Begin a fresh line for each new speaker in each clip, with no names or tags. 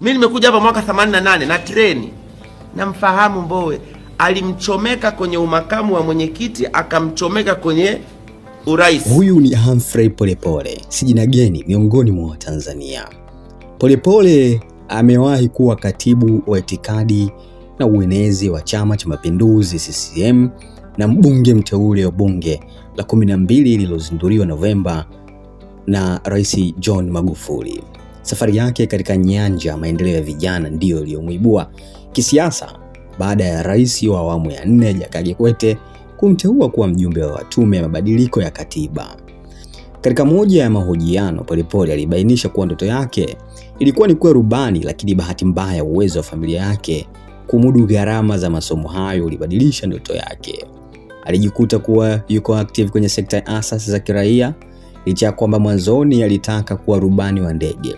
Mimi nimekuja hapa mwaka 88 na treni, namfahamu Mbowe, alimchomeka kwenye umakamu wa mwenyekiti akamchomeka kwenye urais.
Huyu ni Humphrey Polepole, si jina geni miongoni mwa Watanzania. Polepole amewahi kuwa katibu wa itikadi na uenezi wa Chama cha Mapinduzi CCM na mbunge mteule wa bunge la 12 lililozinduliwa Novemba na Rais John Magufuli. Safari yake katika nyanja ya maendeleo ya vijana ndiyo iliyomwibua kisiasa baada ya rais wa awamu ya nne Jakaya Kikwete kumteua kuwa mjumbe wa tume ya mabadiliko ya katiba. Katika moja ya mahojiano, Polepole alibainisha kuwa ndoto yake ilikuwa ni kuwa rubani, lakini bahati mbaya, uwezo wa familia yake kumudu gharama za masomo hayo ulibadilisha ndoto yake. Alijikuta kuwa yuko active kwenye sekta ya asasi za kiraia licha ya kwamba mwanzoni alitaka kuwa rubani wa ndege.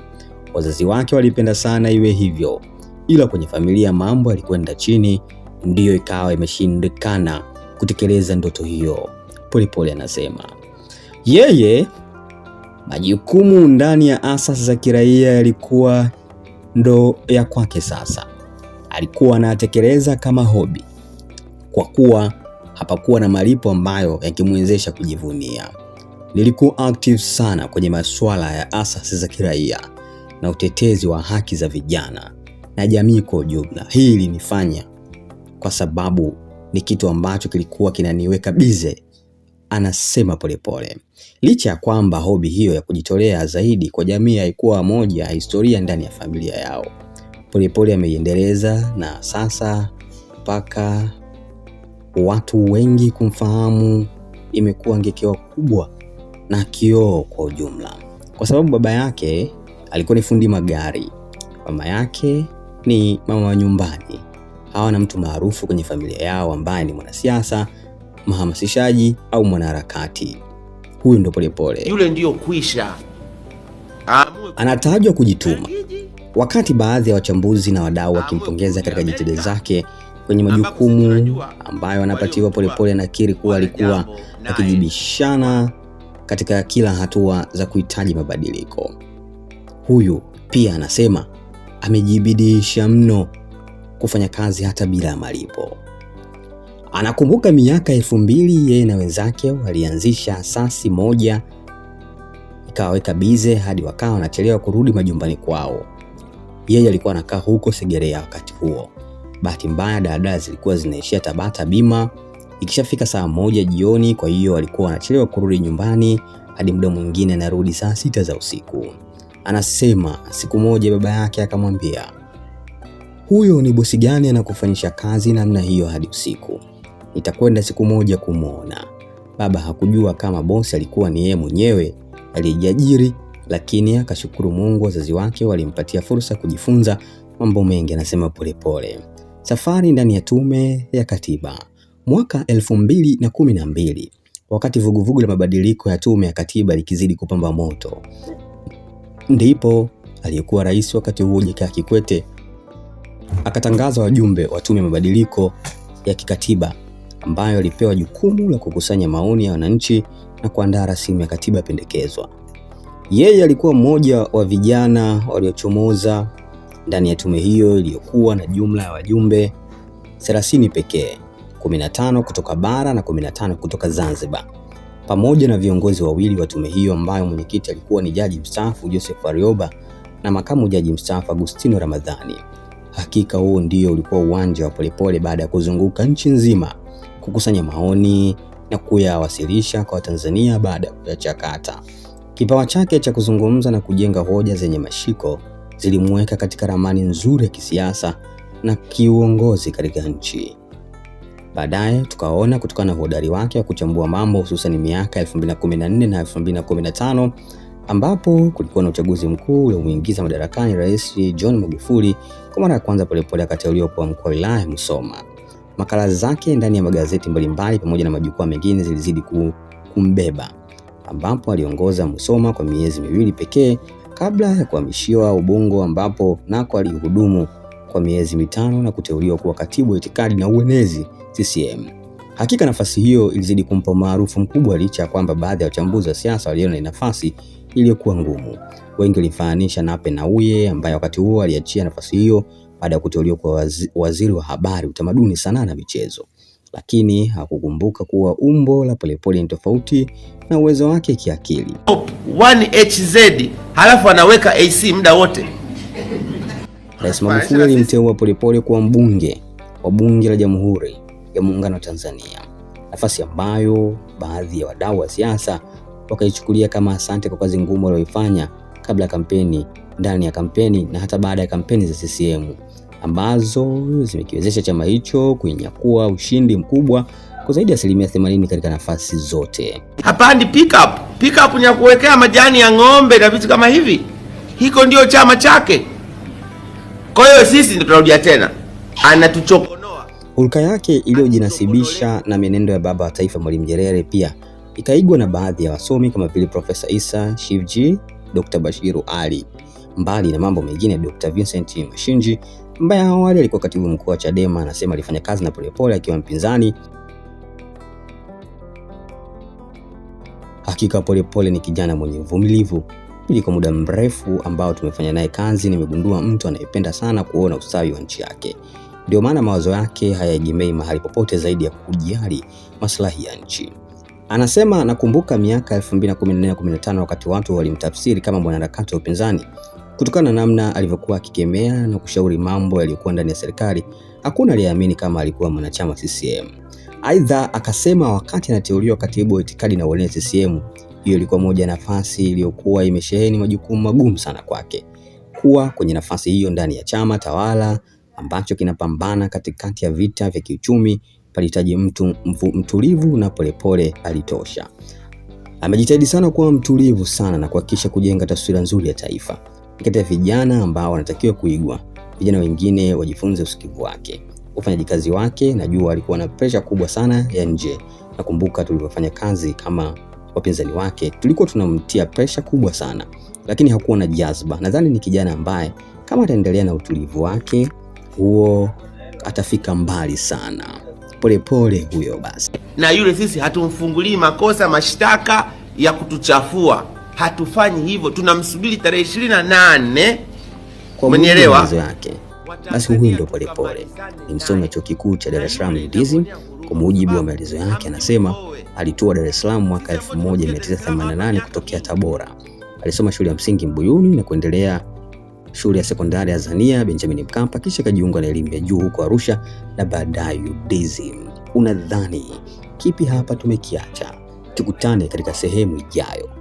Wazazi wake walipenda sana iwe hivyo, ila kwenye familia mambo yalikwenda chini, ndiyo ikawa imeshindikana kutekeleza ndoto hiyo. Polepole anasema yeye majukumu ndani ya asasi za kiraia yalikuwa ndo ya kwake sasa. Alikuwa anatekeleza kama hobi, kwa kuwa hapakuwa na malipo ambayo yakimwezesha kujivunia. Nilikuwa active sana kwenye masuala ya asasi za kiraia, na utetezi wa haki za vijana na jamii kwa ujumla. Hii ilinifanya kwa sababu ni kitu ambacho kilikuwa kinaniweka bize, anasema Polepole. Licha ya kwamba hobi hiyo ya kujitolea zaidi kwa jamii haikuwa moja ya historia ndani ya familia yao, Polepole ameiendeleza na sasa mpaka watu wengi kumfahamu, imekuwa ngekewa kubwa na kioo kwa ujumla, kwa sababu baba yake alikuwa ni fundi magari, mama yake ni mama wa nyumbani. Hawa na mtu maarufu kwenye familia yao ambaye ni mwanasiasa, mhamasishaji au mwanaharakati. Huyu ndo Polepole,
yule ndiyo kwisha.
Anatajwa kujituma, wakati baadhi ya wachambuzi na wadau wakimpongeza katika jitihada zake kwenye majukumu ambayo anapatiwa. Polepole anakiri kuwa alikuwa akijibishana katika kila hatua za kuhitaji mabadiliko huyu pia anasema amejibidisha mno kufanya kazi hata bila malipo. Anakumbuka miaka elfu mbili yeye na wenzake walianzisha asasi moja ikawaweka bize hadi wakawa wanachelewa kurudi majumbani kwao. Yeye alikuwa anakaa huko Segerea wakati huo. Bahati mbaya daladala zilikuwa zinaishia Tabata bima ikishafika saa moja jioni, kwa hiyo walikuwa wanachelewa kurudi nyumbani hadi muda mwingine anarudi saa sita za usiku. Anasema siku moja baba yake akamwambia, huyo ni bosi gani anakufanyisha kazi namna hiyo hadi usiku? Nitakwenda siku moja kumwona. Baba hakujua kama bosi alikuwa ni yeye mwenyewe aliyejiajiri, lakini akashukuru Mungu wazazi wake walimpatia fursa kujifunza mambo mengi, anasema Polepole. Safari ndani ya Tume ya Katiba. Mwaka elfu mbili na kumi na mbili wakati vuguvugu la mabadiliko ya Tume ya Katiba likizidi kupamba moto, Ndipo aliyekuwa rais wakati huo Jakaya Kikwete akatangaza wajumbe wa tume mabadiliko ya kikatiba ambayo alipewa jukumu la kukusanya maoni ya wananchi na kuandaa rasimu ya katiba pendekezwa. Yeye alikuwa mmoja wa vijana waliochomoza ndani ya tume hiyo iliyokuwa na jumla ya wajumbe 30 pekee, 15 kutoka bara na 15 kutoka Zanzibar pamoja na viongozi wawili wa tume hiyo ambayo mwenyekiti alikuwa ni jaji mstaafu Joseph Warioba na makamu jaji mstaafu Agustino Ramadhani. Hakika huo ndio ulikuwa uwanja wa Polepole baada ya kuzunguka nchi nzima kukusanya maoni na kuyawasilisha kwa Watanzania baada ya kuyachakata. Kipawa chake cha kuzungumza na kujenga hoja zenye mashiko zilimweka katika ramani nzuri ya kisiasa na kiuongozi katika nchi. Baadaye tukaona kutokana na uhodari wake wa kuchambua mambo hususan miaka 2014 na 2015 ambapo kulikuwa na uchaguzi mkuu uliomuingiza madarakani Rais John Magufuli kwa mara ya kwanza polepole kati ya uliopo mkoa wa wilaya Musoma. Makala zake ndani ya magazeti mbalimbali pamoja na majukwaa mengine zilizidi kumbeba, ambapo aliongoza Musoma kwa miezi miwili pekee kabla ya kuhamishiwa Ubungo, ambapo nako alihudumu kwa miezi mitano na kuteuliwa kuwa katibu wa itikadi na uenezi CCM. Hakika nafasi hiyo ilizidi kumpa umaarufu mkubwa, licha ya kwamba baadhi ya wachambuzi wa siasa waliona ni nafasi iliyokuwa ngumu. Wengi walifananisha na Ape Nnauye ambaye wakati huo aliachia nafasi hiyo baada ya kuteuliwa kwa waziri wa habari, utamaduni, sanaa na michezo, lakini hakukumbuka kuwa umbo la Polepole ni tofauti na uwezo wake kiakili.
1HZ halafu anaweka AC muda wote.
Rais Magufuli alimteua Polepole kuwa mbunge wa bunge la Jamhuri ya Muungano wa Tanzania, nafasi ambayo baadhi ya wadau wa siasa wakaichukulia kama asante kwa kazi ngumu walioifanya kabla ya kampeni, ndani ya kampeni na hata baada ya kampeni za CCM ambazo zimekiwezesha chama hicho kuinyakua ushindi mkubwa kwa zaidi ya asilimia 80 katika nafasi zote.
Hapandi pick up. Pick up ni ya kuwekea majani ya ng'ombe na vitu kama hivi, hiko ndio chama chake. Kwa hiyo sisi ndio tunarudia tena, anatuchoko
Hulka yake iliyojinasibisha na mienendo ya baba wa taifa Mwalimu Nyerere pia ikaigwa na baadhi ya wasomi kama vile Profesa isa Shivji, Dr. Bashiru Ali, mbali na mambo mengine, Dr. Vincent Mashinji ambaye awali alikuwa katibu mkuu wa Chadema anasema alifanya kazi na Polepole akiwa mpinzani. Hakika Polepole ni kijana mwenye uvumilivu kwa muda mrefu ambao tumefanya naye kazi, nimegundua mtu anayependa sana kuona ustawi wa nchi yake. Ndio maana mawazo yake hayaegemei mahali popote zaidi ya kujali maslahi ya nchi. Anasema, nakumbuka miaka 2014-2015 wakati watu walimtafsiri kama mwanaharakati wa upinzani kutokana na namna alivyokuwa akikemea na kushauri mambo yaliyokuwa ndani ya serikali. Hakuna aliyeamini kama alikuwa mwanachama CCM. Aidha, akasema wakati anateuliwa katibu wa itikadi na uenezi CCM, hiyo ilikuwa moja nafasi iliyokuwa imesheheni majukumu magumu sana kwake. Kuwa kwenye nafasi hiyo ndani ya chama tawala ambacho kinapambana katikati ya vita vya kiuchumi, palihitaji mtu mtulivu na polepole alitosha. Amejitahidi sana kuwa mtulivu sana na kuhakikisha kujenga taswira nzuri ya taifa. Kati ya vijana ambao wanatakiwa kuigwa, vijana wengine wajifunze usikivu wake, ufanyaji kazi wake. Najua alikuwa na presha kubwa sana ya nje. Nakumbuka tulivyofanya kazi kama wapinzani wake, tulikuwa tunamtia presha kubwa sana, lakini hakuwa na jazba. Nadhani ni kijana ambaye kama ataendelea na utulivu wake huo atafika mbali sana. Polepole pole huyo basi,
na yule sisi hatumfungulii makosa mashtaka ya kutuchafua, hatufanyi hivyo, tunamsubiri tarehe ishirini na nane
kwa yake. Basi huyu ndio Polepole, ni msomi wa chuo kikuu cha Dar es Salaam ndizi. Kwa mujibu wa maelezo yake, anasema alitua Dar es Salaam mwaka 1988 kutokea Tabora. Alisoma shule ya msingi Mbuyuni na kuendelea shule ya sekondari ya Azania Benjamin Mkapa, kisha akajiunga na elimu ya juu huko Arusha na baadaye UDSM. Unadhani kipi hapa tumekiacha? Tukutane katika sehemu ijayo.